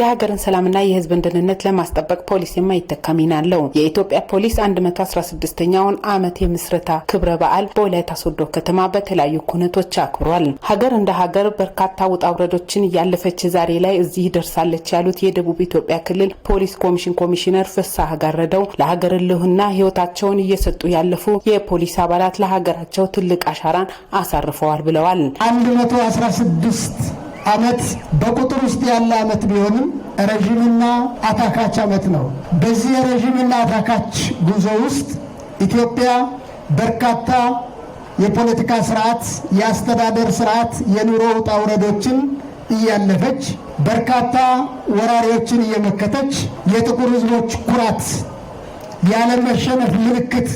የሀገርን ሰላምና የህዝብን ደህንነት ለማስጠበቅ ፖሊስ የማይተካ ሚና አለው። የኢትዮጵያ ፖሊስ 116ኛውን ዓመት የምስረታ ክብረ በዓል በወላይታ ሶዶ ከተማ በተለያዩ ኩነቶች አክብሯል። ሀገር እንደ ሀገር በርካታ ውጣ ውረዶችን እያለፈች ዛሬ ላይ እዚህ ደርሳለች ያሉት የደቡብ ኢትዮጵያ ክልል ፖሊስ ኮሚሽን ኮሚሽነር ፍስሐ ጋረደው ለሀገር ልህና ህይወታቸውን እየሰጡ ያለፉ የፖሊስ አባላት ለሀገራቸው ትልቅ አሻራን አሳርፈዋል ብለዋል። 116 ዓመት በቁጥር ውስጥ ያለ ዓመት ቢሆንም ረዥምና አታካች ዓመት ነው። በዚህ ረዥምና አታካች ጉዞ ውስጥ ኢትዮጵያ በርካታ የፖለቲካ ስርዓት፣ የአስተዳደር ስርዓት፣ የኑሮ ውጣ ውረዶችን እያለፈች በርካታ ወራሪዎችን እየመከተች የጥቁር ሕዝቦች ኩራት፣ ያለመሸነፍ ምልክት፣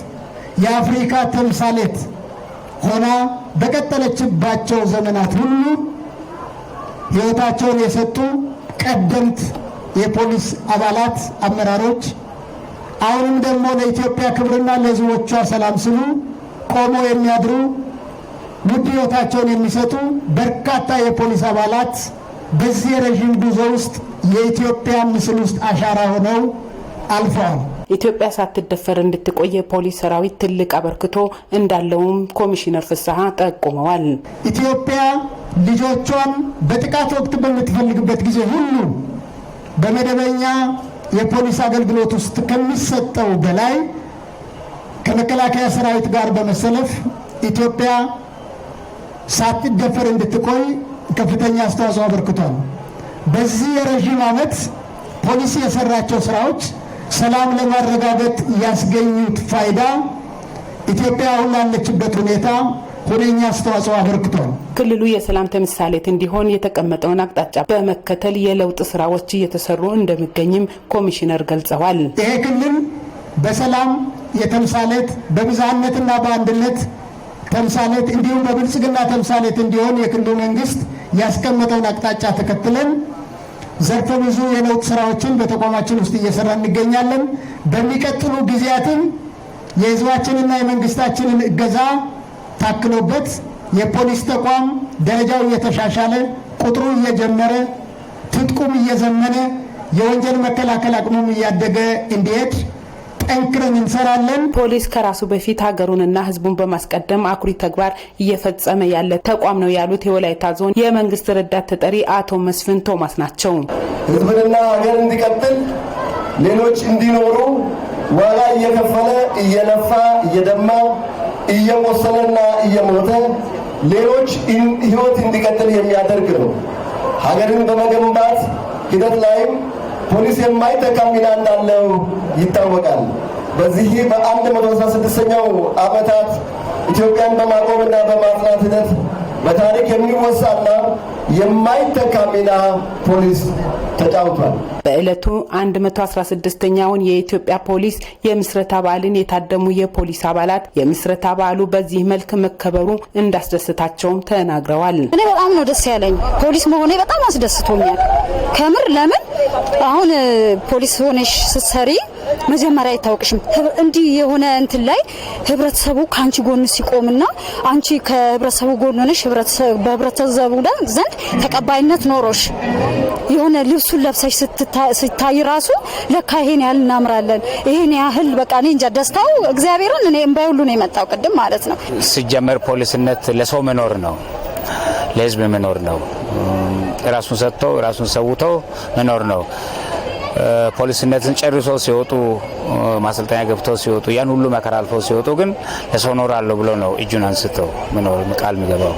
የአፍሪካ ተምሳሌት ሆና በቀጠለችባቸው ዘመናት ሁሉ ሕይወታቸውን የሰጡ ቀደምት የፖሊስ አባላት፣ አመራሮች አሁንም ደግሞ ለኢትዮጵያ ክብርና ለሕዝቦቿ ሰላም ስሉ ቆሞ የሚያድሩ ውድ ሕይወታቸውን የሚሰጡ በርካታ የፖሊስ አባላት በዚህ ረዥም ጉዞ ውስጥ የኢትዮጵያ ምስል ውስጥ አሻራ ሆነው አልፈዋል። ኢትዮጵያ ሳትደፈር እንድትቆይ የፖሊስ ሰራዊት ትልቅ አበርክቶ እንዳለውም ኮሚሽነር ፍስሐ ጠቁመዋል። ኢትዮጵያ ልጆቿን በጥቃት ወቅት በምትፈልግበት ጊዜ ሁሉ በመደበኛ የፖሊስ አገልግሎት ውስጥ ከሚሰጠው በላይ ከመከላከያ ሰራዊት ጋር በመሰለፍ ኢትዮጵያ ሳትደፈር እንድትቆይ ከፍተኛ አስተዋጽኦ አበርክቷል። በዚህ የረዥም ዓመት ፖሊስ የሰራቸው ስራዎች ሰላም ለማረጋገጥ ያስገኙት ፋይዳ ኢትዮጵያ አሁን ላለችበት ሁኔታ ሁነኛ አስተዋጽኦ አበርክቷል። ክልሉ የሰላም ተምሳሌት እንዲሆን የተቀመጠውን አቅጣጫ በመከተል የለውጥ ስራዎች እየተሰሩ እንደሚገኝም ኮሚሽነር ገልጸዋል። ይሄ ክልል በሰላም የተምሳሌት በብዝሃነትና በአንድነት ተምሳሌት እንዲሁም በብልጽግና ተምሳሌት እንዲሆን የክልሉ መንግስት ያስቀመጠውን አቅጣጫ ተከትለን ዘርፈ ብዙ የለውጥ ስራዎችን በተቋማችን ውስጥ እየሰራ እንገኛለን። በሚቀጥሉ ጊዜያትም የህዝባችንና የመንግስታችንን እገዛ ታክሎበት የፖሊስ ተቋም ደረጃው እየተሻሻለ ቁጥሩ እየጀመረ ትጥቁም እየዘመነ የወንጀል መከላከል አቅሙም እያደገ እንዲሄድ ጠንክረን እንሰራለን። ፖሊስ ከራሱ በፊት ሀገሩንና ህዝቡን በማስቀደም አኩሪ ተግባር እየፈጸመ ያለ ተቋም ነው ያሉት የወላይታ ዞን የመንግስት ረዳት ተጠሪ አቶ መስፍን ቶማስ ናቸው። ህዝብንና ሀገር እንዲቀጥል ሌሎች እንዲኖሩ ዋጋ እየከፈለ እየለፋ እየደማ እየቆሰለና እየሞተ ሌሎች ህይወት እንዲቀጥል የሚያደርግ ነው። ሀገርን በመገንባት ሂደት ላይም ፖሊስ የማይተካ ሚና እንዳለው ይታወቃል። በዚህ በ166ኛው ዓመታት ኢትዮጵያን በማቆምና በማጽናት ሂደት በታሪክ የሚወሳና የማይተካ ሚና ፖሊስ ተጫውቷል። በዕለቱ 116ኛውን የኢትዮጵያ ፖሊስ የምስረታ በዓልን የታደሙ የፖሊስ አባላት የምስረታ በዓሉ በዚህ መልክ መከበሩ እንዳስደሰታቸውም ተናግረዋል። እኔ በጣም ነው ደስ ያለኝ። ፖሊስ መሆኔ በጣም አስደስቶኛል። ከምር ለምን አሁን ፖሊስ ሆነሽ ስትሰሪ መጀመሪያ አይታወቅሽም። እንዲህ የሆነ እንትን ላይ ህብረተሰቡ ከአንቺ ጎን ሲቆምና አንቺ ከህብረተሰቡ ጎን ሆነሽ በህብረተሰቡ ዘንድ ተቀባይነት ኖሮሽ የሆነ ልብሱን ለብሰሽ ሲታይ ራሱ ለካ ይሄን ያህል እናምራለን፣ ይሄን ያህል በቃ እኔ እንጃ ደስታው እግዚአብሔርን እኔ እምባይ ሁሉ ነው የመጣው ቅድም ማለት ነው። ሲጀመር ፖሊስነት ለሰው መኖር ነው። ለህዝብ መኖር ነው። ራሱን ሰጥቶ ራሱን ሰውቶ መኖር ነው። ፖሊስነትን ጨርሶ ሲወጡ ማሰልጠኛ ገብተው ሲወጡ ያን ሁሉ መከራ አልፈው ሲወጡ ግን ለሰው ኖራለሁ ብሎ ነው እጁን አንስተው መኖር ቃል የሚገባው።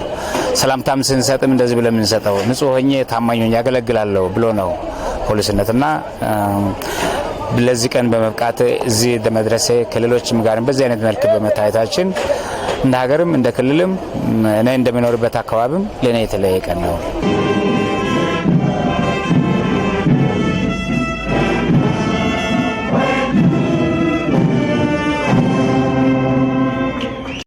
ሰላምታም ስንሰጥም እንደዚህ ብለን የምንሰጠው ንጹህ ሆኜ ታማኝ ያገለግላለሁ ብሎ ነው ፖሊስነትና ለዚህ ቀን በመብቃት እዚህ መድረሴ ክልሎችም ጋርም በዚህ አይነት መልክ በመታየታችን እንደ ሀገርም እንደ ክልልም እኔ እንደሚኖርበት አካባቢም ለእኔ የተለየ ቀን ነው።